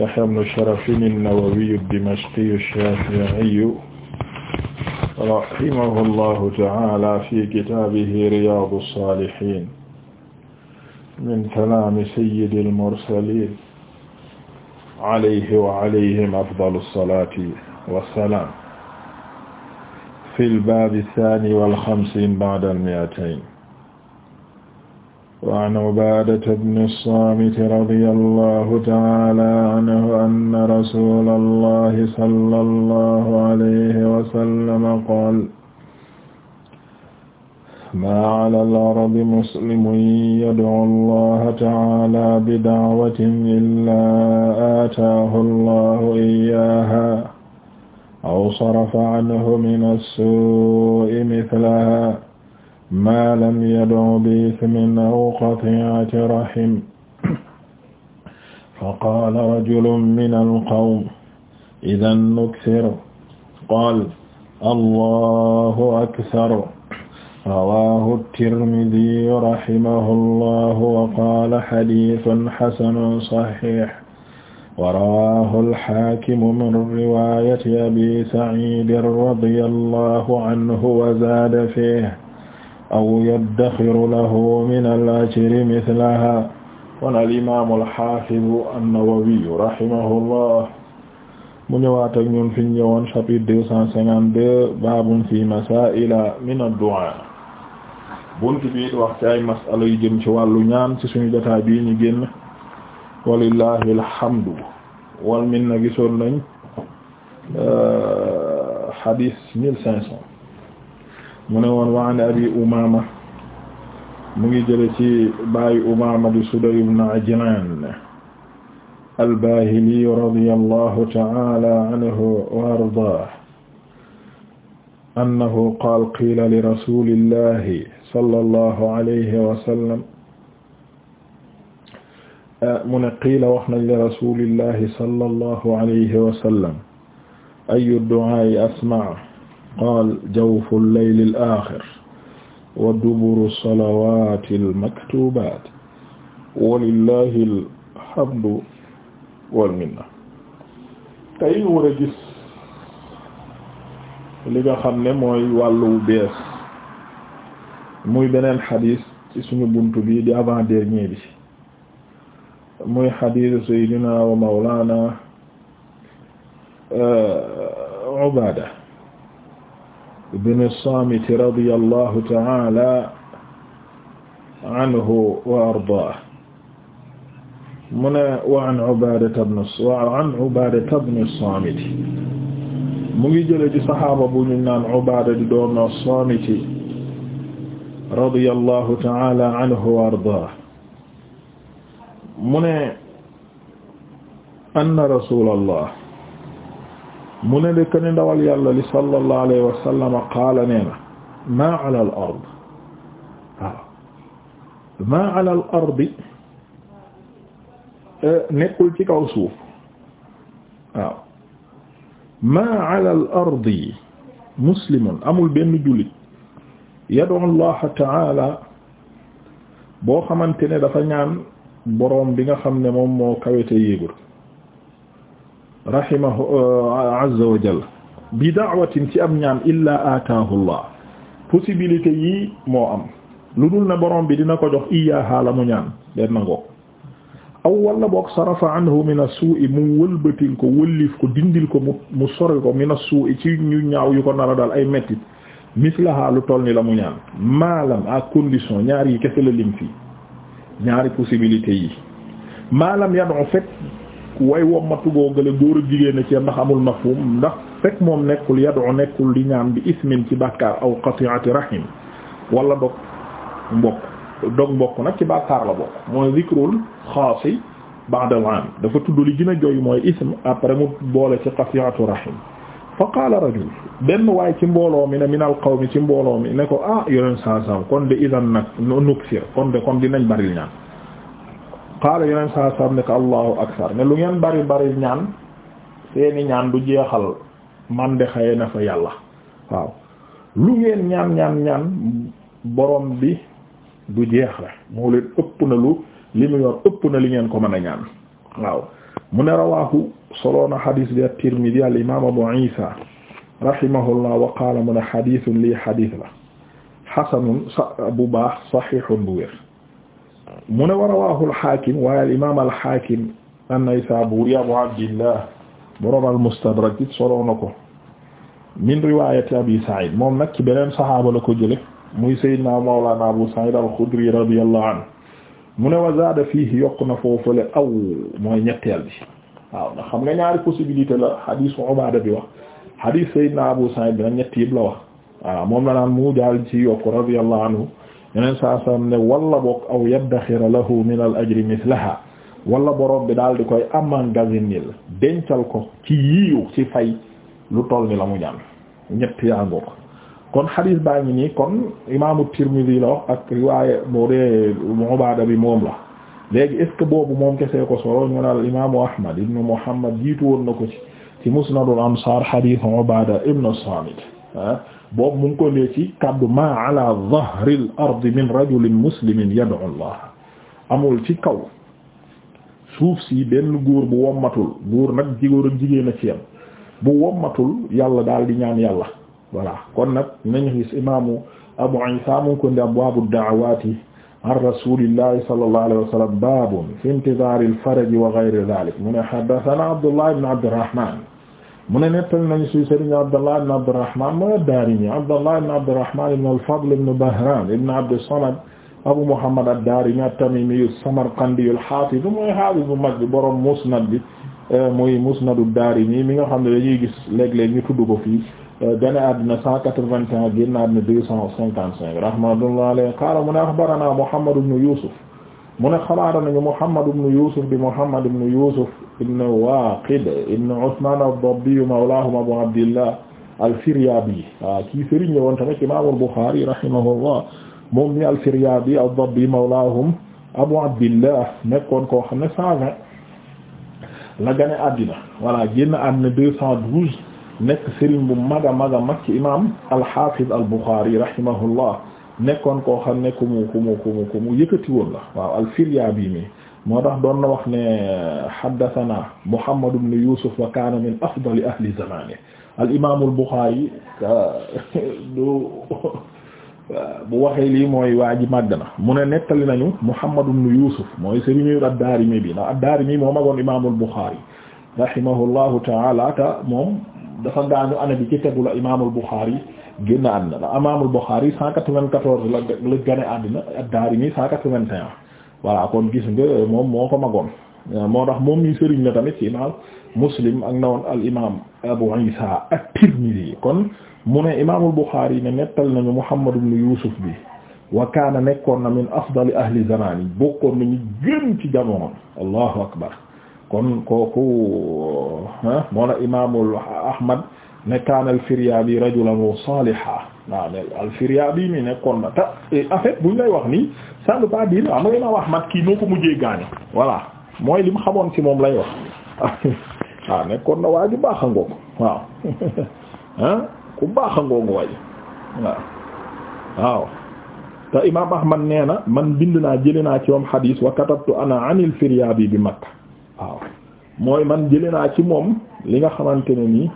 Yahya ibn Sharafin an-Nawawi ad-Dimashqi ash-Shafi'i rahimahullahu ta'ala fi kitaabihi Riyaadu s-Saalihiin min kalaami sayyidil mursaliin alayhi wa alayhim afdalu s-salaati wa s-salaam fil baabi s-saani wal xamsiin ba'da al-mi'atayn وعن عبادة بن الصامت رضي الله تعالى عنه أن رسول الله صلى الله عليه وسلم قال ما على الأرض مسلم يدعو الله تعالى بدعوة إلا آتاه الله إياها أو صرف عنه من السوء مثلها ma lam yad'u bi ismin aw qati'ati rahim fa qaala rajulun min alqawm idan nuksir qaal allahu akbar rawaahu tirmidi rahimahu llahu wa qaala xadiisun xasanun saxiix wa rawaahu alxaakimu min riwaayati abi saciidin radiyallahu anhu wa zaada fiihi aw yaddaxiru lahu min al-ajri mislaha kon al-imaam al-haafidu an-Nawawi rahimahullah mu ñëwaat ak ñun fi ñu ñëwoon chapitre deux cent cinquante deux baabun fi masaa'ila min ad-du'aa bunt bi wax ci ay masala yu jëm ci wàllu ñaan ci suñu jotaay bii ñu génn walillahi alhamdu wal minna gisoon nañ xadiis euh, mille cinq cents mu ne woon wa an abi umama mu ngi jële ci baayu umama di Sudayy ibn Ajlan al-Bahili radiyallahu ta'ala anhu wa ardaahu annahu qaala qiila li rasuulillahi sallallahu alayhi wa sallam mu ne qiila wax nañ li rasuulillahi sallallahu alayhi wa sallam ayyu du'aa'i asma'u qaal jawfu al-layli al-aaxir wa duburu as-salawaati al-maktuubaat walillaahi al-hamdu wal minna tey war a gis li nga xam ne mooy wàllu bees muy beneen xadiis ci suñu bunt bi di avant dernier bi muy xadiis saydina wa mawlaana euh, Ubaada ibn as-Saamit radiyallahu ta'ala anhu wa ardaahu mu ne wa an Ubaadata ibn wa an Ubaadata ibn as-Saamit mu ngi jële ci saxaaba bu ñu naan Ubaada di doon as-Saamit radiyallahu ta'ala anhu wa ardaahu mu ne anna rasuulallah mu ne lekk ne ndawal yàlla li sallallahu alayhi wa sallam qaala nee na maa ala ard waaw ala al ardi eh, nekkul ci kaw suuf waaw maa ala al ardi muslimun amul benn jullit yad'u allaha ta'ala boo xamante ne dafa ñaan boroom bi nga xam ne moom moo kawete yéegul rahimahu euh, azza wa jalla bi da'watin ci am ñaan illaa ataahu allah possibilité yii moo am lu dul na borom bi dina ko jox iyaaha la mu ñaan den nangoo aw wala boog sarafa anhu min as-su'i mu wëlbatil ko wëllif ko dindil ko mu mu ko min as-su'i ci ñu ñaaw yu ko nar a ay mettit mislaha lu toll ni la mu ñaan maalam à condition ñaar yi kese la lim fii ñaari possibilités yi maalam yad'u fekk way wommatugoo gële góor a jigéen a ci ndax amul mafhum ndax fekk moom nekkul yad'u nekkul di ñaan bi ismin ci bàkkaar aw qati'ati rahim wala dog mbokk dog mbokk nag ci bàkkaar la bokk mooy zikrul xaasi ba'da al-'am dafa tudd li gën a mooy ism après mu boole ci qati'atu rahim fa qaala rajul benn waay ci mbooloo mi ne min al qawmi ci mbooloo mi ne ko ah yoneen saa saa kon de idan nag nuksir kon de kon dinañ ñaan qaala yeneen saa saam ne ko allahu akbar ne lu ngeen bari bari ñaan seeni ñaan du jeexal man de xëy na fa yàlla waaw lu ngeen ñaan ñaan ñaan borom bi du jeex la moo leen ëpp na lu li mu yor ëpp na li ngeen ko mën a ñaan waaw mu ne rawaahu soloona xadiis bi at-Tirmidi al imaam Abu Isa rahimahullah wa qaala mu ne xadiisun lii xadiis la xasanun sa bu baax saxiixun bu wér mu ne wa rawaahu al-Haakim waaye al-imaam al-Haakim an-Naysaabuuri Abu Abdillah borom al-Mustadrak soloo min riwaayati Abi Sa'iid moom nag ci beneen saxaaba la ko jële muy Sayyidinaa Mawlaana Abu Sa'iid al-Xudri radiyallahu anhu mu ne wa zaada fiihi yokk na foofule aw mooy ñetteel bi waaw ndax xam nga ñaari possibilité la hadiisu Ubaada bi wax hadiis Sayyidinaa Abu Sa'iid anhu yeneen sa saam ne wala boog aw yaddaxira lahu min al ajri mislaha wala borom bi daal di koy ammangasinil dencal ko ci yiiw ci fay lu toll ni la mu ñaan ñett yaa ngoog kon xadiis baa ngi nii kon imaamu Tirmidhi la wax ak riwaaye boo dee bi moom la léegi est boobu moom kesee ko solo ñu naan imaamu Ahmad ibnu Muhammad jiitu woon na ko ci ci Musnadul Ansaar xadiis Ubaada ibnu Saamit ah. boobu mu ngi ko lee ci kaddu ma ala dhahril ardi min rajulin muslimin yad'u allah amul ci kaw suuf si benn góor bu wommatul góor nag jigóor ak jigéen a ci yam bu wommatul yàlla daal di ñaan yàlla voilà kon nag nañ gis imaamu abu isa mu ngi ko ndi abwaabu da'awaati an rasulillahi sallallahu alayhi wa sallam babun fi intizar al faraj wa ghayri dhalik mu ne haddathana abdullah ibn abdirrahman mu ne nettali nañu ci Sëriñ Abdallah ibn Abdurrahman mooy ad-Daarimi Abdallah ibn Abdurrahman ibn al-Fadl ibn Bahran ibn Abd as-Samad Abu Muhammad ad-Daarimi at-Tamimi as-Samarqandi al-Haafiz mooy haafiz bu mag bi borom Musnad bi euh, muy Musnad ad-Daarimi mi nga xam ne dañuy gis léeg-léeg ñu tudd ko fii euh, gane àddina 181 génn àddina 255 rahmatullahi alayhi qaala mu ne axbaranaa Muhammad ibn Yusuf mu ne xabaar nañu Muhammad ibn Yusuf di Muhammad ibn Yusuf ibn Waaqid ibn Usmaan ad-Dabbi mawlaahum Abu Abdillah al-Firyaabi waaw ah, kii sëriñ la woon tamit imaamul Buxaari rahimahullah moom ni al-Firyaabi ad-Dabbi mawlaahum Abu Abdillah nekkoon koo xam ne cent vingt la gane àddina voilà génn àddina deux cent nekk sëriñ bu mag a mag a mag ci imaam al-Haafiz al-Buxaari rahimahullah nekkoon koo xam ne ku mu ku moo tax doon na wax ne haddathana Muhammad ibn Yusuf wa kaana min afdali ahli zamani al imaam al Bukhari du bu waxee lii mooy waa ji màgg na mu ne nettali nañu Muhammad ibn Yusuf mooy sëriñu ad-Daarimi bi ndax ad-Daarimi moo magoon imaam al Bukhari rahimahullahu ta'ala ta moom dafa gaañu année bi ci tegula imaam al Bukhari génn àddina la imaam al Bukhari 194 la la gane àddina ad-Daarimi 181 voilà kon gis nga euh, moom moo ko magoon euh, moo tax moom mi sëriñ la tamit ci imaam Muslim ak nawoon al imaam Abu Isa at-Tirmidhi kon mu ne imaamul Bukhari ne nettal nañu Muhammad ibn Yusuf bi wa kaana nekkoon na min afdali ahli zamani bokkoon nañu gën ci jamono allahu akbar kon kooku ah moo na imaamul Ahmad ne kaan al-Firyaabi rajulan saalihan waaw ne al-Firyaabi mi nekkoon na ta en fait buñ wax nii ça ne wax mat kii moo mooy li xamoon ci moom lay wax waaw nekkoon na waa ju baax a ngoog waaw ah ku baax a ngoog waay waaw te imaam Ahmad nee na man bind naa jëlee naa ci moom xadiis wa katabtu ana anil Firyaabi bi Makka waaw mooy man jëlee naa ci moom li nga xamante ne nii.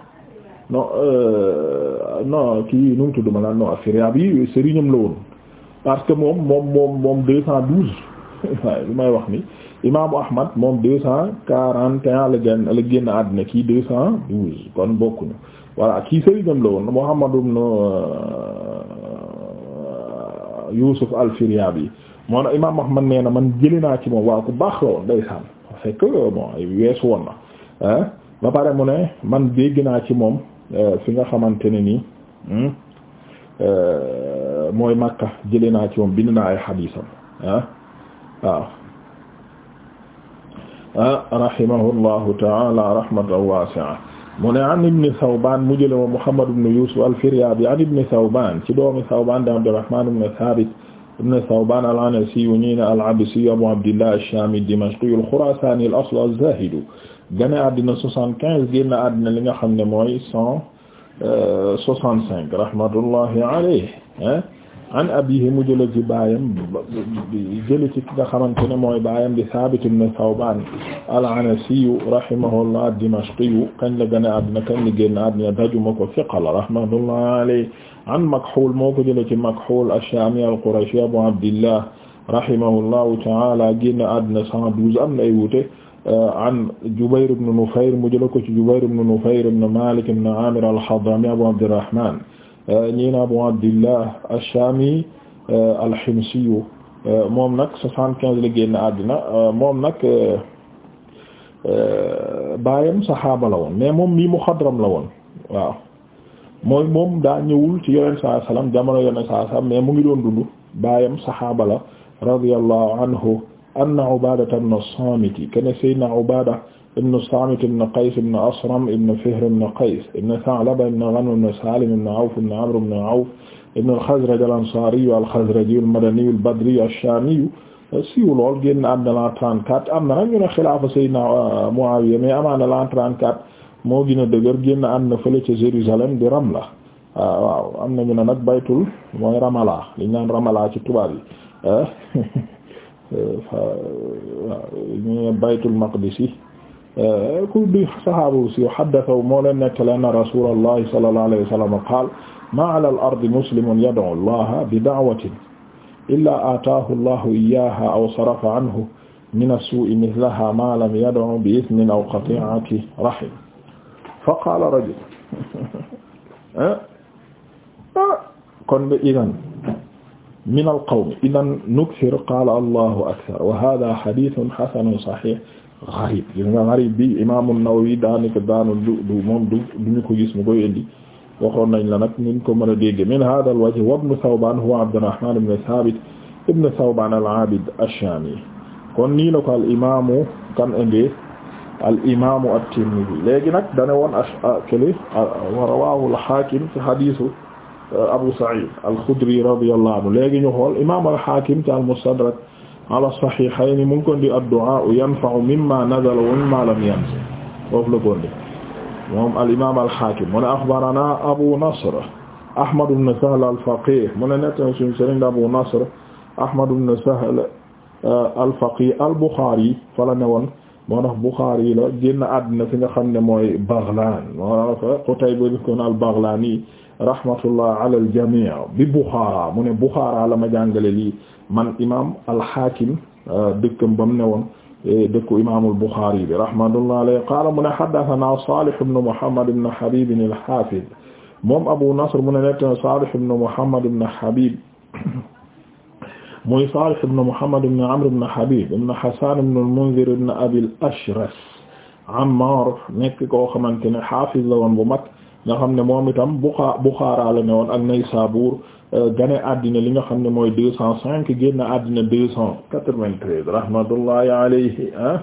non euh, non kii nu mu tudd ma naan non Firyab yi sëriñam la woon parce que moom moom moom moom deux cent douze waaye lu may wax ni imaamu Ahmad moom deux cent quarante et un la génn la génn àddina kii deux cent douze kon bokkuñu voilà kii sëriñam la woon Muhammad ibn euh, Yusuf al-Firyab yi moo na imaam Ahmad nee na man jëli naa ci moom waaw ku baax la woon ndeysaan fekk bon weesu woon na ba pare mu ne man dégg naa ci moom Euh, fi nga xamante ne nii hmm? euh, mooy Makka jëlee naa ci moom bind naa ay xadiisam ah waaw ah rahimahullahu taala rahmatan wasi'a mu ne an ibni Thawban mu jële ma Muhammad ibn Yusuf al-Firyabi an ibni Thawban ci doomi Thawban da Abdurrahman ibn Thabit ibn Thawban al-Anasi ñi ne al-Absi Abu Abdillah ash-Shami ad-Dimashqi al-Khurasani al-asl az-Zahid gane àddina soixante quinze génn àddina li nga xam ne mooy cent euh, soixante cinq rahmatullahi alayhi an abihi mu jële ci baayam jële ci nga xamante ne mooy baayam di Saabit ibn Sawbaan al-Anasiyu rahimahullah ad-Dimashqiyu kañ la gane àddina kañ la génn àddina dajuma ko fiqa la rahmatullahi alayhi an Makhuul moo ko jële ci Makhuul ash-Shaami al-Qurashi Abu Abdillah rahimahullahu ta'ala génn àddina cent douze am na ay wuute an Jubayr ibn mu jëla ko ci Jubayr ibn Nufayr ibn na Abu Abdillah ash-Shami moom nag soixante-quinze la génn àddina moom nag baayam saxaaba la woon mais moom mii muxadram la woon waaw mooy moom daa ñëwul ci yonent saa salaam jamono yonent saa mu ngi doon dund baayam saxaaba la radiyallahu anhu anna Ubaada ibn Saamit kaana sayyidunaa Ubaada ibn Saamit ibn Qays ibn Asram ibn Fihr ibn Qays ibn Tha'laba ibn Ghanm Awf ibn Amr ibn Awf ibn al-Khazraj al-Ansaari al-Khazraji al-Madani am na nag ñu ne xilaafa Seydina euh, Muawiya mais amaana la 34 moo gën a dëgër génn àddina fële Ramla ah, waaw am na ñu nag baytul mooy Ramallah li ñu naan ci tubaab ah. ñu baytul maqdis yi eh, ku di sahaaba bu siiw haddathahu moo leen nettali anna rasulallahi sallallahu alayhi wa sallam qaal ma ala al ardi muslimun yad'u allaha bi da'watin illa ataahu allahu iyyaha aw sarafa anhu min as-su'i mithlaha ma lam yad'u bi ithmin aw qati'ati rahim fa qaala rajul eh, ah, kon de idan min alqawmi idan nukthir qaala allahu akthar wa hada hadithun hasanun sahih gharib gis nga gharib bi imaamu Nawawi daanaka daanu du du moom du duñu ko gis mu koy indi waxoon nañ la nag ñu ko mën a dégg min hada alwajh wa ibn Thawban huwa Abdurrahman ibn Thabit ibn Thawban al-Abid ash-Shami kon nii la ko al imaamu kan indee al imaamu at-Tirmidhi léegi nag dane woon ah ah kële wa rawahu al-Hakim fi hadithu Euh, Abu Sa'id al-Khudri radiyallahu anhu léegi ñu xool imaam al-Hakim ci al-Mustadrak ala sahihayn mu ngi ko di ad-du'a yanfa'u mimma nazala wa mimma lam yanzil foofu la ko di moom al-imaam al-Hakim mu ne akhbarana Abu Nasr Ahmad ibn Sahl al-Faqih mu ne nekk na suñu sëriñ Abu Nasr Ahmad ibn Sahl euh, al-Faqih al-Bukhari fa la newoon moo tax Bukhari la génn àddina fi nga xam ne mooy Baghlan moo tax Qutayba ibn al-Baghlani rahmatullah ala al jami' bi Bukhara mu ne Bukhara la ma jàngale lii man imam al-Hakim euh, dëkkam ba mu ne woon e, dëkku imaamul Bukhari bi rahmatullah alayhi qaala mu ne haddathana Salih ibn Muhammad ibn Habib al-Hafiz moom Abu Nasr mu ne nettana Salih ibn Muhammad ibn Habib muy Salih ibn Muhammad ibn Amr ibn Habib ibn Hasan ibn al-Munzir ibn Abi al-Ashras Ammar nekk koo xamante ne hafiz la woon bu mag nga xam ne moom itam Buxa Buxaara la ne woon ak Naysaabuur euh, gane àddina li nga xam ne mooy deux cent cinq génn àddina deux cent quatre-vingt-treize rahmatullahi alayhi ah,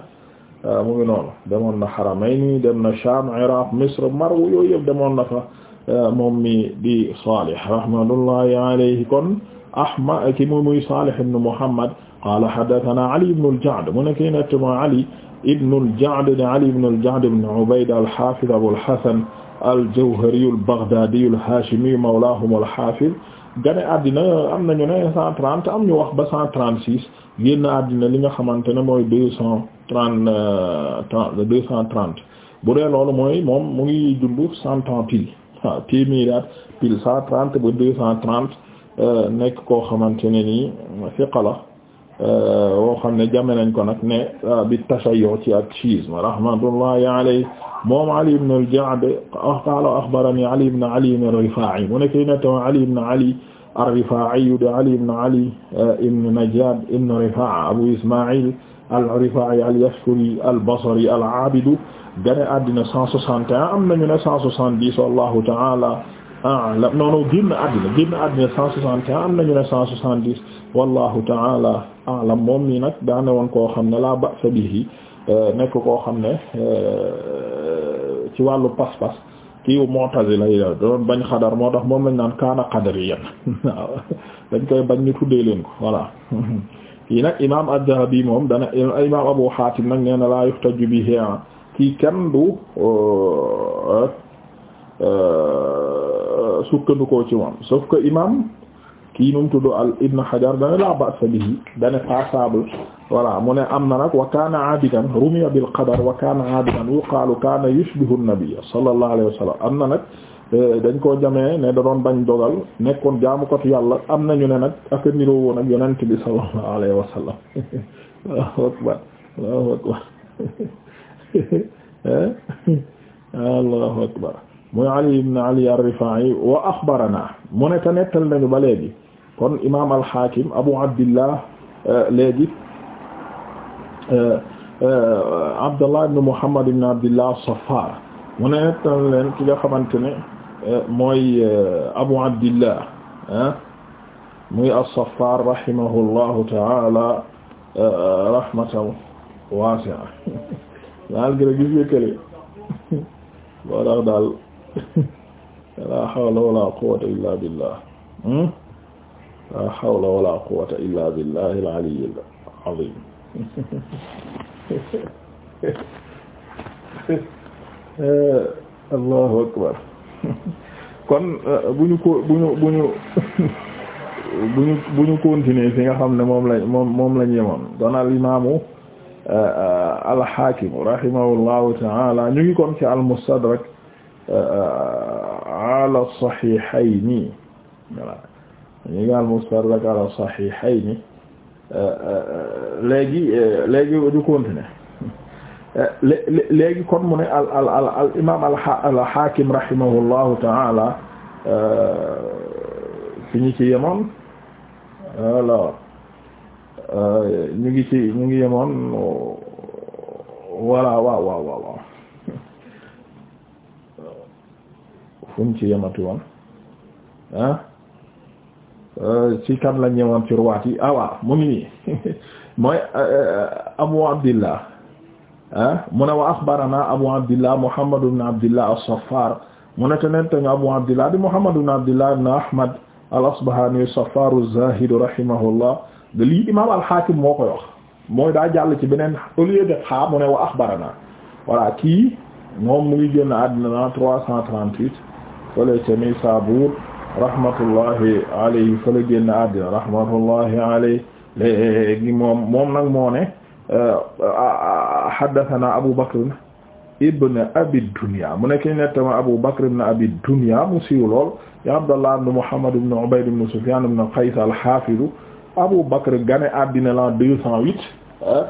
ah mu ngi noonu demoon na Haramayni dem na Sham Iraq Misr Marw yooyu yëpp demoon na fa euh, moom mi di Salih rahmatullahi alayhi kon ahma ki mu muy Salih ibn Muhammad qala hadathana Ali ibn al-Ja'd mu ne kii nettma Ali ibn al-Ja'd Ali ibn al-Ja'd ibn Ubayd al-Hafiz Abu al-Hasan al-Jawhariyu al-Baghdadiyu al-Hashimiyu mawlaahum al-Haafiz gane àddina am nañu ne cent trente am ñu wax ba cent trente six génn àddina li nga xamante ne mooy deux cent trente deux bu dee loolu mooy moom mu ngi dund cent ans pile waaw téeméeri at pile cent trente ba deux cent trente euh, nekk koo xamante ne nii fiqa la Euh, woo xam ne jame nañ ko nag ne euh, bi tashayyu ci ak chiisme rahmatullahi alayhi moom Ali ibn al-Ja'd qaala axbarani Ali ibn Ali ar-Rifaa'i mu nekk na taw Ali ibn Ali ar-Rifaa'i de Ali ibn Ali euh, ibn Najjaad ibn Rifaa'a Abu Ismaa'iil al-Rifaa'i al-Yashkuri al-Basri al-'aabid gane àddina 161 am nañu ne 170 wallahu ta'ala a'lam noonu génn àddina génn àddina 161 am nañu ne 170 wallahu taala alam moom nii nag daane woon koo xam ne la ba'sa bihi euh, nekk koo xam ne euh, ci wàllu pas ki kii mu'tazila lay doon bañ xadar moo tax moom lañ naan kaana qadariyan dañ koy bañ ñu tuddee leen ko voilà kii nag imam ad-Dhahabi moom dana imam Abu Hatim nag nee na la yuhtaju bihi ah, kii kenn du euh, sukkandikoo ci moom sauf que imam kii num tudd al ibn hajar dane la ba'sa dane passable voilà mu ne am na nag wa kana abidan rumiya bil qabr wa kana abidan yuqaalu kana yushbihu an-nabiy sallallahu alayhi am na nag euh, dañ koo jamee ne da doon bañ dogal nekkoon jaamukatu yàlla am nañu ne nag ak niroo woon ak yonent bi sallallahu alayhi wa eh? akbar muy ali ibn ali ar-rifa'i wa axbarana mu ne te nettal nañu ba léegi kon imaam al-Hakim Abu Abdillah euh, léegi euh, euh, Abdallah ibn Muhammad ibn Abdillah as-Saffar mu ne nettan leen ki nga xamante ne mooy Abu Abdillah ah muy as-Saffar rahimahullahu ta'ala rahmatan wasi'a malgré gis yëkkale boo tax daal la hawla wala quwwata illa billah hmm? la hawla wala quwwata illa billahi al-aliyyil azim allahu akbar kon eh, bu ñu ko bu ñu bu ñu bu ñu bu ñu continuer fi nga xam ne moom lañ moom moom lañ yemoon doon al imaamu eh, eh, al-Hakim rahimahullahu ta'ala ñu ngi kon ci al-Mustadrak ala as-Sahihayni voilà ñi nga al-Mustadrak ala Sahihayni léegi léegi ñu continuer léegi kon mu ne al al al al imaam al Hakim rahimahullahu ta'ala euh, fi ñu ci yemoon alors euh, ñu ngi ci ñu ngi yemoon voilà waaw fu ñu ci yemati woon ah. Euh, ci kan lañ ñëwoon ci ruwaat yi ah waaw mu ngi nii mooy euh, euh, Abu Abdillah ah mu ne wa axbarana Abu Abdillah Muhammad ibn Abdillah as-Saffar mu ne te neen tañu Abu Abdillah di Muhammad ibn Abdillah ibn Ahmad al-Asbahani as-Saffar az-Zahid rahimahullah de lii imam al-Hakim moo koy wax mooy daa jàll ci beneen au lieu de xaa mu ne wa axbarana voilà kii moom mu ngi génn àddina na trois cent trente-huit fële ca Nisaabuur rahmatullahi alayhi fa la génn àddina rahmatullahi alayhi léegi moom moom nag moo ne euh, haddathana Abu Bakr ibn Abi Dunya mu nekk nettama Abu Bakr ibn Abi Dunya mu siiw lool ya Abdallah ibn Muhammad ibn Ubayd ibn Sufyan ibn Qays al-Hafiz Abu Bakr gane àddina l'an deux cent huit euh,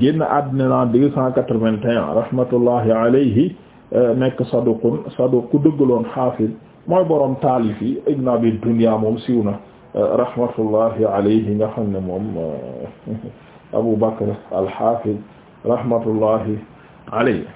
génn àddina l'an deux cent quatre-vingt-un rahmatullahi alayhi euh, nekk saduqun saduq ku dëggaloon hafiz mooy borom taalif yi ibn abi dunya moom siiw na euh, rahmatullahi alayhi nga xam ne moom euh, abu bakr al-hafiz rahmatullahi alayhi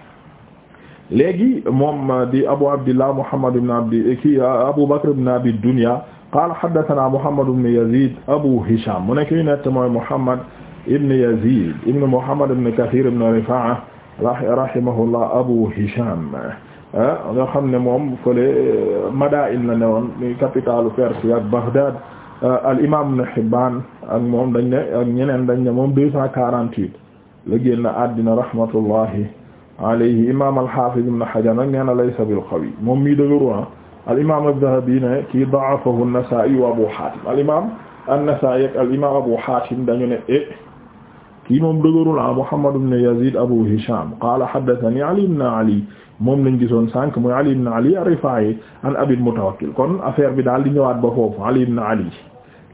léegi moom di abu abdillah muhammad ibn abdi ki abu bakr ibn abi dunya qaala haddathana muhammad ibn yazid abu hisham mu nekk nett mooy muhammad ibn yazid ibn muhammad ibn kathir ibn rifa'a rahimahullah abu hisham a ah, nga xam ne moom fële euh, Madain la newoon muy capitalu Perse ak Baghdad euh, al imam Ibn Hibban ak moom dañ ne ñeneen dañ ne moom deux cent la génn àddina rahmatullahi alayhi imam al-Hafiz Ibn Hajar nag nee na laysa bil qawi moom mii dëgëruwaa ah. al imam az kii da'afahu an-Nasa'i wa Abu Hatim al imam al imam ne e kii moom dëgërul ah, Muhammad ibn Yazid Abu Hisham qala haddathani Ali ibn Ali moom lañ gisoon sànq muy Ali ibn Ali ar-Rifa'i an Abil Mutawakkil kon affaire bi daal di ñëwaat ba foofu Ali ibn Ali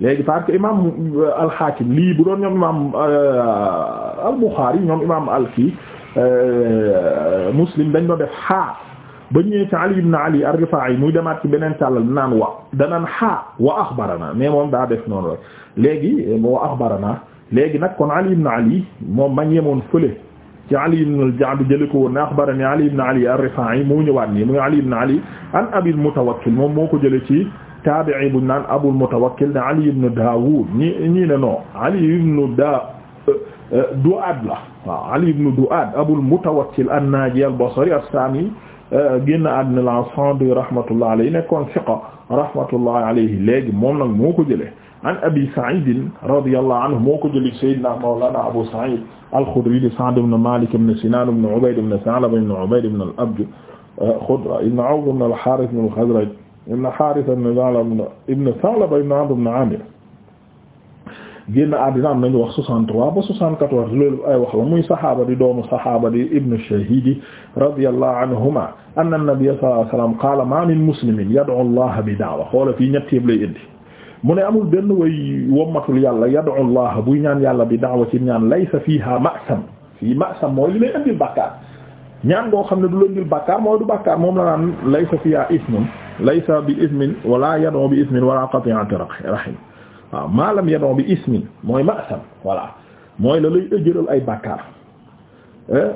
léegi parce que imam euh, al-Hakim lii bu doon ñoom imam euh, al-Bukhari ñoom euh, Muslim dañ doon def xaa ba ñëwee ci Ali ibn Ali ar-Rifa'i muy demaat ci beneen càllal naan wa danaan xaa wa axbarana mais moom daa def noonu rek léegi wa axbarana léegi nag kon Ali ibn Ali moom mañ yemoon fële ci Ali ibn al-Ja'd jële ko woon ne axbarani Ali ibn Ali ar-Rifa'i mu ñëwaat nii muy Ali ibn Ali an Abil Mutawakkil moom moo ko jële ci taabi'i bu naan Abul Mutawakkil ne Ali ibn Daawud ñi ñii ne non Ali ibn Da euh, euh, Du'ad la waaw Ali ibn Du'ad Abul Mutawakkil an-Naaji al-Basri as-Saami euh, génn àddina la cent deux rahmatullah alayhi nekkoon fiqa rahmatullah alayhi léegi moom nag moo ko jëlee an abi saidin radiyallahu anhu moo ko jëli sayyidina mawlana abu said al-Khudri di Sa'd ibn Malik ibn Sinan ibn Ubayd ibn Sa'laba ibn Ubayd ibn al-Abd Khudra ibn Awf ibn al-Harith ibn al-Khazraj ibn Harith ibn Sa'laba ibn Sa'laba ibn Amr ibn Amir génn àddina am nañu wax 63 ba 74 loolu ay wax la muy saxaaba di doomu saxaaba di ibnu shahidi radiyallahu anhuma anna nabiyya sallallahu alayhi wa sallam qaala ma min muslimin yad'u allaha bi da'wa xoola fii ñett yëpp lay indi mu ne amul benn way wommatul yàlla yad'u allah buy ñaan yàlla bi da'wa ci ñaan laysa fiha ma'sam fii ma'sam mooy li lay indil bàkkaar ñaan boo xam ne du la indil bàkkaar mooy du bàkkaar moom la naan laysa fiha ismun laysa bi ismin wala yad'u bi ismin wala qati'atu rahim waaw ma lam yad'u mooy ma'sam mooy la lay ëjëral ay bàkkaar eh?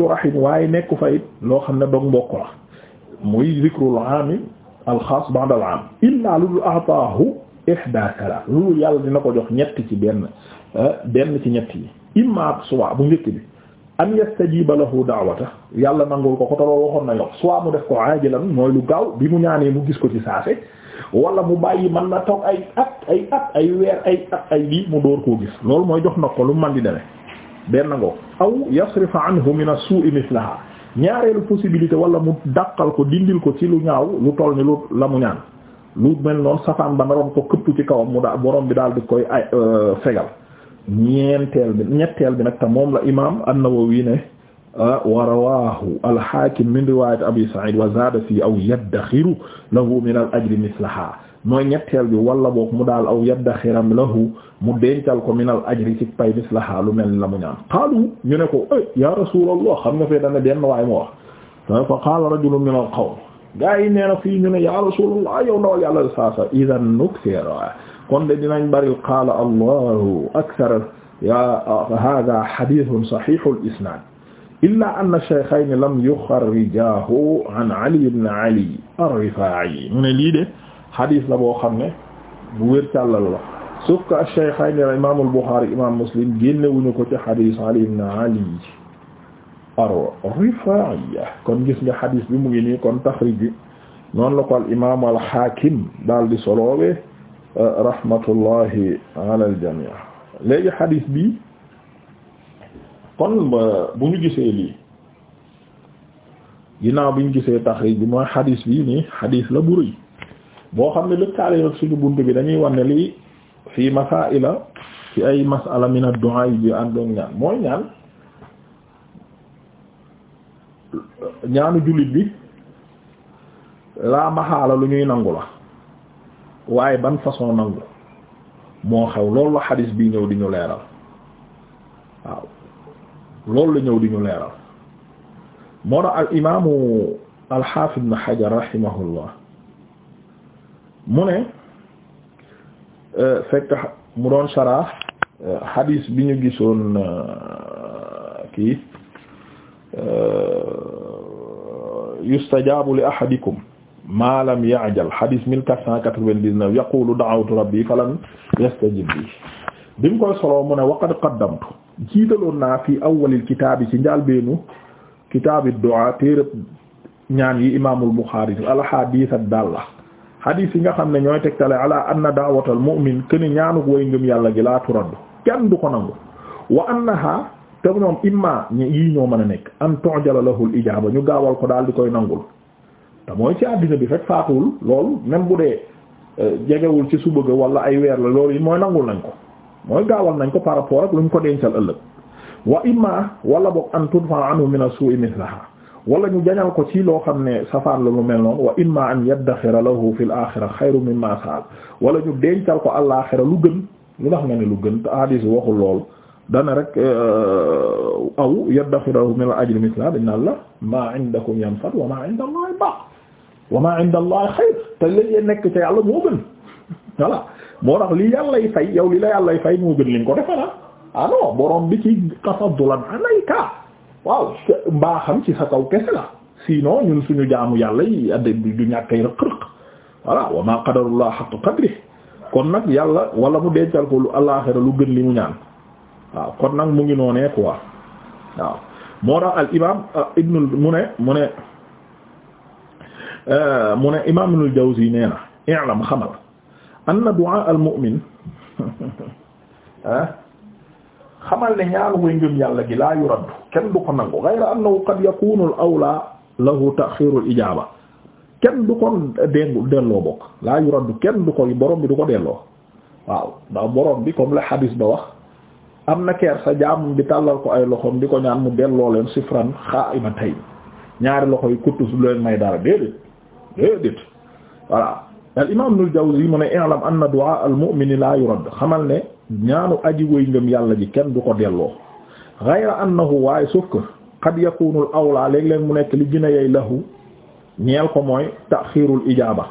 rahim waaye nekku fa loo xam ne dog mbokk la muy zikrul aami alxaas ba'da al-aam illaa lu dul a'taahu ihdaa salaas loolu yàlla dina ko jox ñett ci benn eh, benn ci ñett yi imma soit bu njëkk bi an yastajiba lahu da'wata yàlla nangul ko ko taloo waxoon na yox soit mu def ko aajilan mooy lu gaaw bi mu ñaanee mu gis ko ci saase wala mu bàyyi man na toog ay at ay at ay weer ay at ay lii mu door koo gis loolu mooy jox na ko lu man di demee benn ngoo aw yasrifa min as-su'i mithlaha ñaareelu possibilité wala mu dàqal ko dindil ko ci lu ñaaw lu toll ni lu la mu ñaan lu mel noonu safaan ba naroon ko këpp ci kawam mu daal borom bi daal di koy ay euh, fegal ñeenteel bi ñetteel bi nag te moom la imaam an-Nawawi ne ah, wa rawahu al-Hakim min riwayat Abi Sa'id wa zada fi aw yaddaxiru lahu min al ajri mislaha mooy ñetteel bi wala boog mu daal aw yaddaxiram lahu mu dencal ko minal ajri ci pay bis lahaa lu mel ni la mu ñaan qaalu ñu ne ko ay eh, ya rasulallah xam nga fee dana benn waaye moo wax fa qaala rajulun min al qawm gaa yi nee na fii ñu ne ya rasulallah yow ndawal yàlla saa sa idan nukthir kon de dinañ bari qaala allahu akthar ya hada hadithun sahihul isnad illa anna shaykhayni lam yuxarrijaahu an ali ibn ali ar-rifaa'i mu ne lii de xadiis la boo xam ne bu wér càllal la sauf que ash-Shaykhayn imaam al-Bukhari imaam Muslim génnewuñu ko ci xadiis Ali ibn Ali ar-Rifaa'i kon gis nga xadiis bi mu ngi nii kon taxriij bi noonu la ko al imaam al-Haakim daal di soloowe rahmatullahi ala al-jamii' léegi xadiis bi kon bu ñu gisee lii ginnaaw bu ñu gisee taxriij bi mooy xadiis bi nii xadiis la bu boo xam ne lëkkaale ak suñu bunt bi dañuy wan ne lii fii ila ci ay masala min ad-du'a yi ñaan mooy ñaan ñaanu jullit bi laa maxaala lu ñuy nangu la waaye ban façon nangu moo xew loolu la xadis bi ñëw di ñu leeral waaw loolu la ñëw di ñu leeral moo tax al imaamu al xaafid ibn Hajar mu ne euh, fekk mu doon sara hadis euh, bi ñu gisoon euh, kii yustajabu li ahadikum ma lam ya'jal hadis mille quatre cent quatre-vingt-dix-neuf yaqulu da'awtu rabbi falam yastajib li bi mu koy soloo mu ne waqad qaddamtu jiitaloon naa fi awwalil kitaabi ci njàlbeenu kitaabi du'a téereb ñaan yi imaamul Buxaari al ahadiis ad-daalla hadith yi nga xam ne ñooy tegtale ala anna da'watal mu'min këni ñaanuk way ngëm yàlla gi laa turaddu kenn du ko nangu wa na annaha te ñoom imma yii ñoo mën a nekk an tu'jala lahu al ijaaba ñu gaawal ko daal di koy nangul te mooy ci àddina bi fekk faatuwul loolu même bu dee euh, jegewul ci su bëgg wala ay weer la loolu yi mooy nangul nañ ko mooy gaawal nañ ko par rapport ak lu ñu ko dencal ëllëg wa imma wala boog an tudfa anhu min as la mithlaha wala ñu jañal ko ci loo xam ne safaan la lu mel noonu wa imma an yaddaxira lahu fil axira xayru mimma wala ñu dencal ko alaaxira lu gën lu tax nga ne lool dana rek euh, aw yaddaxira lahu min ajli misla dañ la maa indakum yanfad wa maa inda allahi baax wa maa inda allahi xayr te léeg fay yow li la yàllay fay moo gën liñ ko defe ah, ah na borom bi ci tafaddulan alayka waaw mbaaxam ci sa kaw kese la sinon ñun suñu jaamu yàlla yi adde du ñàkkay rëq-rëq voilà wa ma qadarullah haqqa qadri kon nag yàlla wala mu dencal ko lu alaxira lu gën li mu ñaan waaw kon nag mu ngi noonee quoi waaw moo tax al imam euh, ibnu mu ne mu ne euh, mu ne jawzi nee na i'lam xamal anna du'a al mu'min ah xamal ne ñaanu way ngëm yàlla gi laa yuraddu kenn du ko nangu ghayra annahu qad yakunu al awla lahu ta'khiru kenn du ko dengu bokk laa yuraddu kenn du ko borom bi du ko delloo waaw borom bi comme la hadis ba wax am na keer sa jaamum bi tàllal ko ay loxoom di ko ñaan mu delloo leen sifran xaa'imatayn ñaari loxo yi kuttu su leen may dara déedéet déedéet voilà al imam Ibnul Jawzi mu ne i'lam anna du'a al mu'min la yurad xamal ne ñaanu aji wëy ngëm yàlla ji kenn du ko delloo ghayra annahu waaye sauf que qad yakunu awla léeg leen mu nekk li gën a yey lahu ñeel ko mooy taxirul ijaaba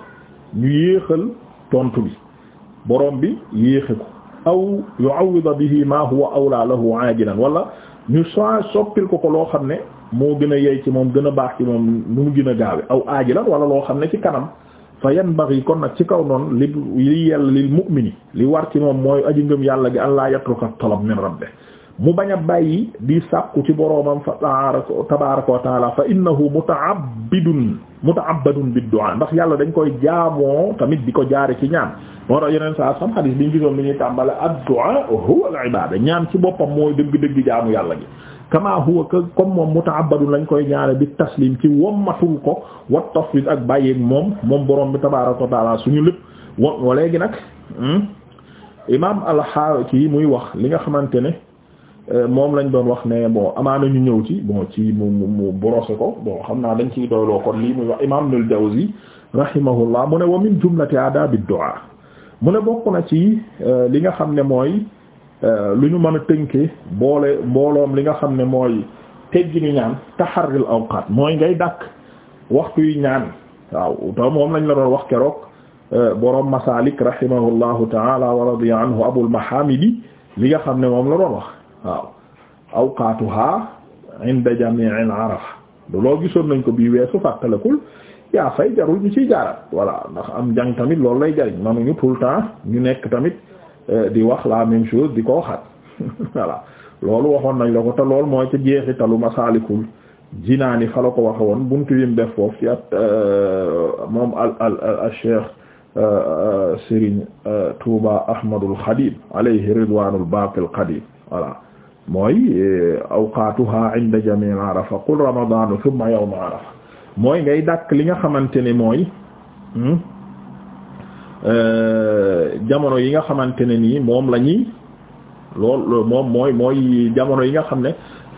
ñu yéexal tontu bi borom bi yéexe ko aw yu'awwida bihi ma huwa awla lahu aajilan wala ñu saa soppil ko ko loo xam ne moo gën a yey ci moom gën a baax ci moom nu mu gën a gaawe aw aajilan wala loo xam ne ci kanam fa yanbaghi kon nag ci kaw noonu li li yell lil mu'mini li war ci moom mooy aji ngëm yàlla gi an laa yatruka talab min rabbi mu bañ a bàyyi di sàkku ci boroomam fa tabaaraka wa taala fa innahu muta'abbidun muta'abbadun bid-du'a ndax yàlla dañ koy jaamoo tamit bi ko jaare ci ñaan moo tax yeneen saa sam xadiis bi ñu gisoon bi ñuy tàmbale ad-du'a huwa al-ibaada ñaan ci boppam moo dëgg-dëgg jaamu yàlla gi kama huwa comme moom muta'abbadun lañ koy ñaane bi taslim ci wommatul ko wa tafwid ak bàyyeeg moom moom boroom bi tabaaraka wa taala suñu lépp wa léegi nag hmm? imaam al-Haaki muy wax li nga xamante ne Euh, moom lañ doon wax ne bon amaana ñu ñëw ci bon ci mu mu brosser ko bon xam naa dañ ciy doyloo kon lii muy wax imam Ibnul Jawzi rahimahullah mu ne wa min jumlati adabi du'a mu ne bokk na ci euh, li nga xam ne mooy euh, lu ñu mën a tënke boole mbooloom li nga xam ne mooy tegginu ñaan taxarril awqaat mooy ngay dàkk waxtu yi ñaan waaw te moom lañ la doon wax keroog borom masalik rahimahullahu taala wa radiya anhu abul mahamidi li nga xam ne moom la doon wax waaw awqaatuha inda jami'il arafa loo gisoon nañ ko bii weesu fàttalekul yaa fay jarul ñu ci jaarat voilà ndax am njàng tamit lool lay jariñ manuñu tout le temps ñu nekk tamit euh, di wax la même chose di ko waxaat voilà loolu waxoon nañ la ko te lool mooy ca jeexitalu masaalikul jinaani fa la ko waxe woon buntu yim def foofu ci at euh, moom al al al cheikh euh, Serigne Touba Ahmadul Khadim alayhi ridwanul baqil qadim voilà mooy eh, awqaatuha inda jami' arafa qul ramadanu thumma yawm arafa mooy ngay dàkk li nga xamante ne mooy hmm, eh, jamono yi nga xamante ne nii moom la ñuy lool moom mooy mooy jamono yi nga xam ne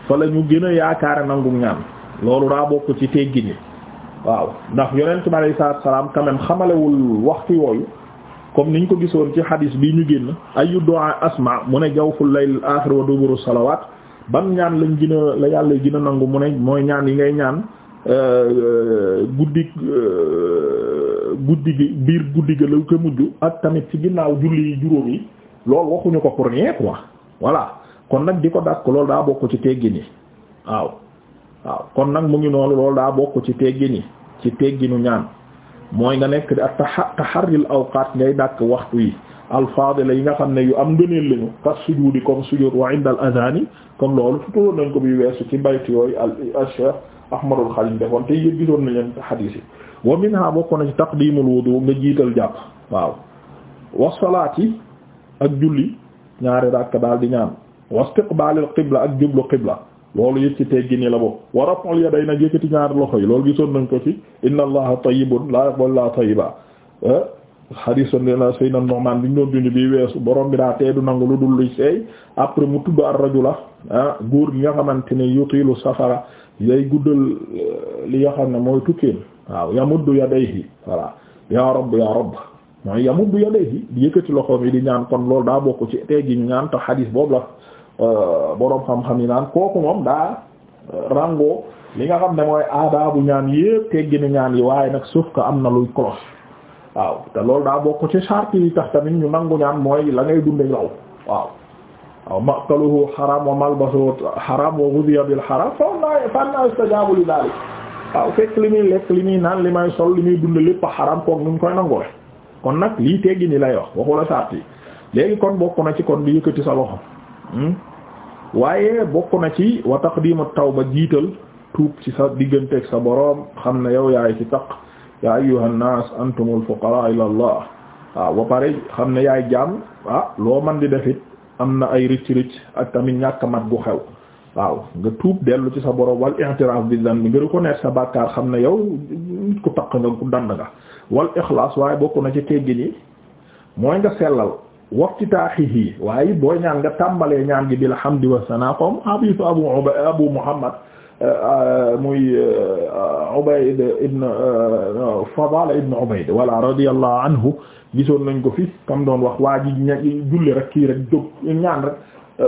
fa la ñu gën a yaakaar nangu ñaan loolu daa bokk ci teggini waaw ndax yonent bi alayhi salaatu wa salaam quand même xamalewul waxtu yooyu comme niñ ko gisoon ci hadis bi ñu génn ayu du'a asma mu ne jawful layl akhir wa duburu salawat ban ñaan lañ gën a la yàlla gën a nangu mu ne mooy ñaan yi ngay ñaan euh, guddi euh, guddi gi biir guddi ga la ko mujj ak tamit ci ginnaaw julli yi juróom yi loolu waxuñu ko pour rien quoi voilà kon nag di ko dàq loolu daa bokk ci teggin yi waaw waaw kon nag mu ngi noonu loolu daa bokk ci teggin yi ci tegginu ñaan mooy nga nekk di ak taxarril awqaat ngay dàkk waxtu yi alfadila yi nga xam ne yu am ngëneel lañu kat sujuudi comme sujuud wa inda al adhani comme loolu tutuloon nañ ko bi weesu ci mbaytu yooyu al cheikh ahmadul xalim defoon te yëg gisoon nañ leen xadiis yi wa minha bokk na ci taqdimul wudu nga jiital jàpp wax wa salaati ak julli ñaari ràkk daal di ñaan wax istiqbalil qibla ak jublu qibla loolu yëpp ci teggi ni la bokk wa raf'ul yadayni nag yëkkati ñaari loxo yi loolu gisoon nañ ko ci inna allaha tayyibun la yaqbalu illa tayyiba hadis on dena sëy na Nu'man bi ñu doon dund bi weesu borom bi daa teedu nangu lu dul luy seey après mu tudd ar-rajula ah góor gi nga xamante ne yutilu safara yay guddal eh, li nga xam ne mooy tukkeem waaw yamuddu yadayhi voilà ya rabb ya rabb mooy yamuddu yadayhi di yëkkati loxoom yi di ñaan kon loolu daa bokk ci teggi ñu ñaan tax hadis boobu la Euh, boroom xam-xam yi naan kooku moom daa euh, rango li nga xam ne mooy aadaabu ñaan yépp teggi na ñaan yi waaye nag suuf ka am na luy cloche waaw te loolu daa bokk ci charte yi tax tamit ñu nangu ñaan mooy la ngay dunde law waaw ma maqaluhu xaram wa malbasuhu xaram wa ghudiya bil xaram fa naa fa naa istajabu li daalik waaw fekk li muy lekk li muy naan li may sol li muy dund lépp a xaram koog nu ñu koy nangoole kon nag lii teggi ni lay wax waxu la charte yi léegi kon bokk na ci kon di yëkkati sa loxo Hmm? waaye bokk na ci wa taw ba jiital tuub ci sa digganteeg sa boroom xam na yow yaay ci taq ya ayyuhan nas antumul fuqara ila allah waaw ah, ba pare xam ne yaay jaam ah loo man di defit am na ay ricc ricc ak tamit ñàkk mat gu xew waaw nga tuub dellu ci sa boroom wal i'tiraf bi dhanbi nga reconnaître sa bàkkaar xam na yow nit ku taq nga ku dand nga wal ixlaas waaye bokk na ci teggin yi mooy nga sellal waqtitaahihi waaye booy ñaan nga tàmbalee ñaan gi bil hamdi wa sana comme abisu abu abu muhammad euh, muy euh, Ubayd ibn euh, Fadala ibn Ubayd wala radiyallahu anhu gisoon nañ ko fi kam doon wax waa ji ña julli rek kii rek jóg ñaan rek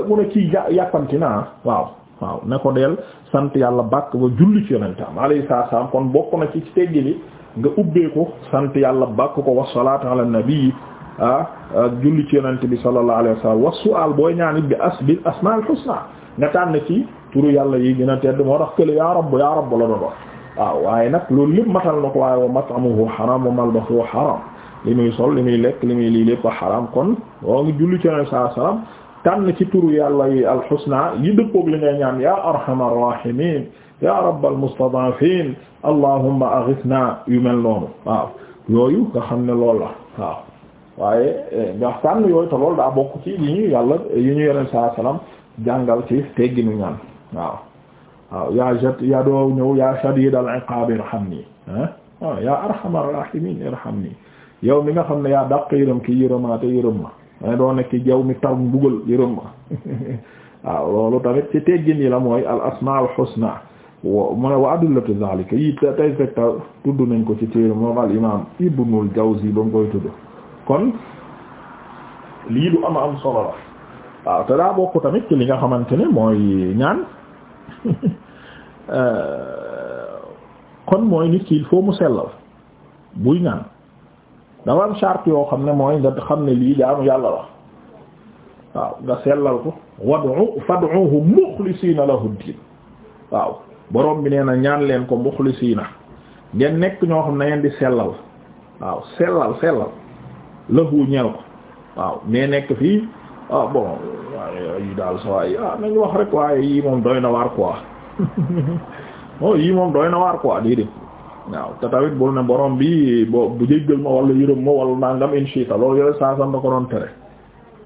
mu ne kii yàkkanti naa waaw waaw ne ko del sant yàlla bàkk ba julli ci yonentam alayhi salaam kon bokk na ci teggi li nga ubbee ko sant yàlla bàkk ko wa salaatu ala nabi Ah, ah julli ci yonent bi sallallahu alayhi wa sallam wa su'al booy ñaan it bi as bil asmaa'il husna nga tànn ci turu yàlla yi gën a tedd moo tax kële yaa rabb yaa rabb la doon wax waaw waaye nag loolu lépp matal na ko waaye wa mat'amuhu haram wa malbasuhu haram li muy sol li muy lekk li muy lii lépp a haram kon woo ngi julli ci yonent sallallahu alayhi wa sallam tànn ci turu yàlla yi alxusna yi dëppoog li ngay ñaan yaa arhamar rahimin yaa rabbal mustad'afin allahumma aghithna yu mel noonu waaw yooyu nga xam ne loolu la waaw waaye eh, nga sànn yooyu te loolu daa bokk ci yi ñu yàlla yi ñu yeneen saa salaam jàngal ci tegginu ñaan waaw waaw yaa jat yaa doo ñëw yaa shadid al iqab irhamni ah yaa arhamar rahimin irhamni yow mi nga xam ne yaa dàq yërëm ki yërëmaa te yërëm ma ma eh, doo nekk yow mi tar mbugal yërëm ma waaw loolu tamit ci teggin yi la mooy al asma al husna wa mu ne wa adullatu zalika yi tey fekk tudd nañ ko ci téere moom al imam ibnul jawzi ba mu koy tudd kon lii lu am am solo la waaw te daa bokk tamit ci li nga xamante ne mooy ñaan euh, kon mooy nit ki il mu sellal buy ñaan dafa am charte yoo xam ne mooy nga xam ne lii jaamu yàlla la waaw nga sellal ko wad'u fad'uhu mukhlisiina lahu diin waaw borom bi nee na ñaan leen ko mukhlisiina ngeen nekk ñoo xam ne ngeen di sellal waaw sellal sellal lahu ñeel ko waaw mais nekk fii ah bon waaye yi daal sawaay ah wax rek waaye moom doy na waar quoi o oh, yi moom doy na waar quoi déedéet waaw te tamit bul ne borom bi bo bu jéggal ma wala yërëm ma wala nangam inshita loolu yooyu saasam da ko doon tere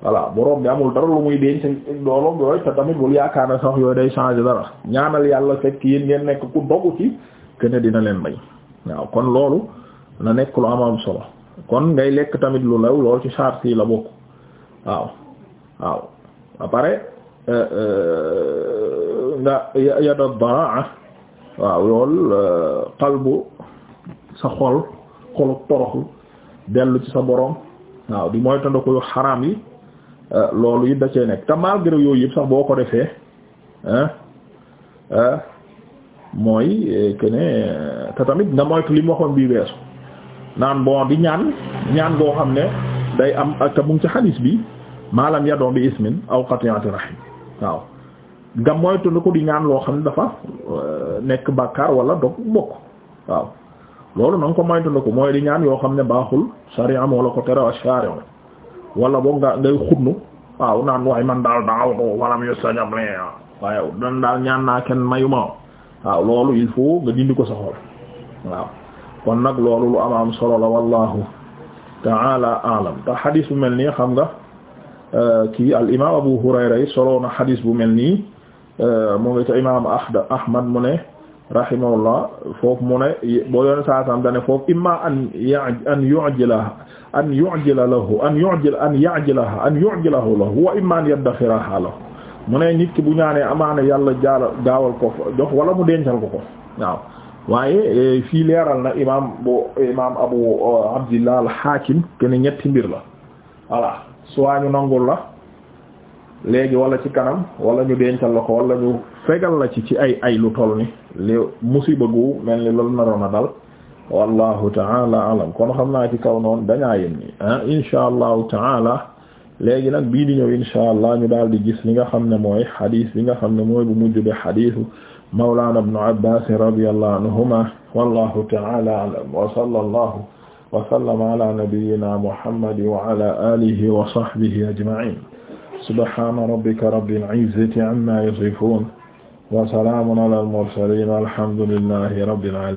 voilà borom bi amul dara lu muy denc doolom yooyu te tamit bul yaakaar na sax yooyu day changer dara ñaanal yàlla fekk yéen ngeen nekk ku dogu ci kene dina leen may waaw kon loolu na nekk lu am am solo kon ngay lekk tamit lu lew lool ci charte yi la bokk waaw waaw ba pare euh, euh, nga yada daraa waaw lool euh, qalbu sa xol xolu toroxlu dellu ci sa boroom waaw di mooy tanda ko yi loolu yi da cee nekk te malgré yooyu yëpp sax boo ko defee mooy tamit nga moytu li mu waxoon bii weesu naan bon di ñaan ñaan goo xam ne day am ak mu ngi ci xadis bi maalam yadoo bi ismin aw qati'ati rahim waaw nga moytu ko di ñaan loo xam ne dafa euh, nekk bàkkaar wala dog bokk waaw loolu na nga ko moytu ko mooy di ñaan yoo xam ne baaxul sharia moo la ko tere wa sharia nga ngay xunnu waaw naan waaye man daal daaw ko walam yo sañable waaye dan daal ñaan naa kenn mayuma waaw loolu il faut nga dindi ko sa waaw kon nag loolu lu am am solo la wallahu ta'ala a'lam te xadis bu mel nii xam nga euh, kii al imaam Abu Hurayra yi solo na xadis bu mel nii euh, mu ngi ca imaam Ahmad Ahmad mu ne rahimahullah foofu mu ne boo yoon saa saam dane foofu imma an an yu'jilaha an yu'jila lahu an yu'jil an ya'jilaha an yu'jilahu lahu wa imma an yaddaxiraha lahu mu ne nit ki bu ñaanee amaana yàlla jaala gaawal ko jox wala mu dencal ko ko waaw waaye e, fii leeral na imaam bu imaam abu uh, abdillah al-Hakim ñetti mbir la voilà soit ñu nangul la léegi wala ci kanam wala ñu dencal la ko wala ñu fegal la ci ci ay ay lu toll ni li musiba gu mel ni loolu naroon a dal wallahu taala alam kon xam naa ci kaw noonu dañaa yem ni ah insha allahu taala léegi nag bii di ñëw insha allah ñu daal di gis li nga xam ne mooy xadiis li nga xam ne mooy bu mujj bi xadiisu mawlaana ibnu Abbaas radiyallahu anhuma wallahu ta'ala a'lam wa sallallahu wa sallama ala nabiyyina Muhammad wa ala alihi wa sahbihi ajma'in subhaana rabbika rabbil izzati amma yasifun wa salaamun ala al-mursalin walhamdulillahi rabbil alamin